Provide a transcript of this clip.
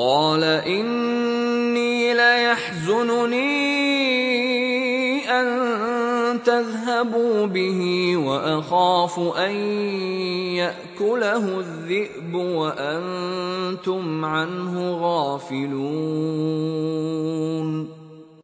قال إني ليحزنني أن تذهبوا به وأخاف أن يأكله الذئب وأنتم عنه غافلون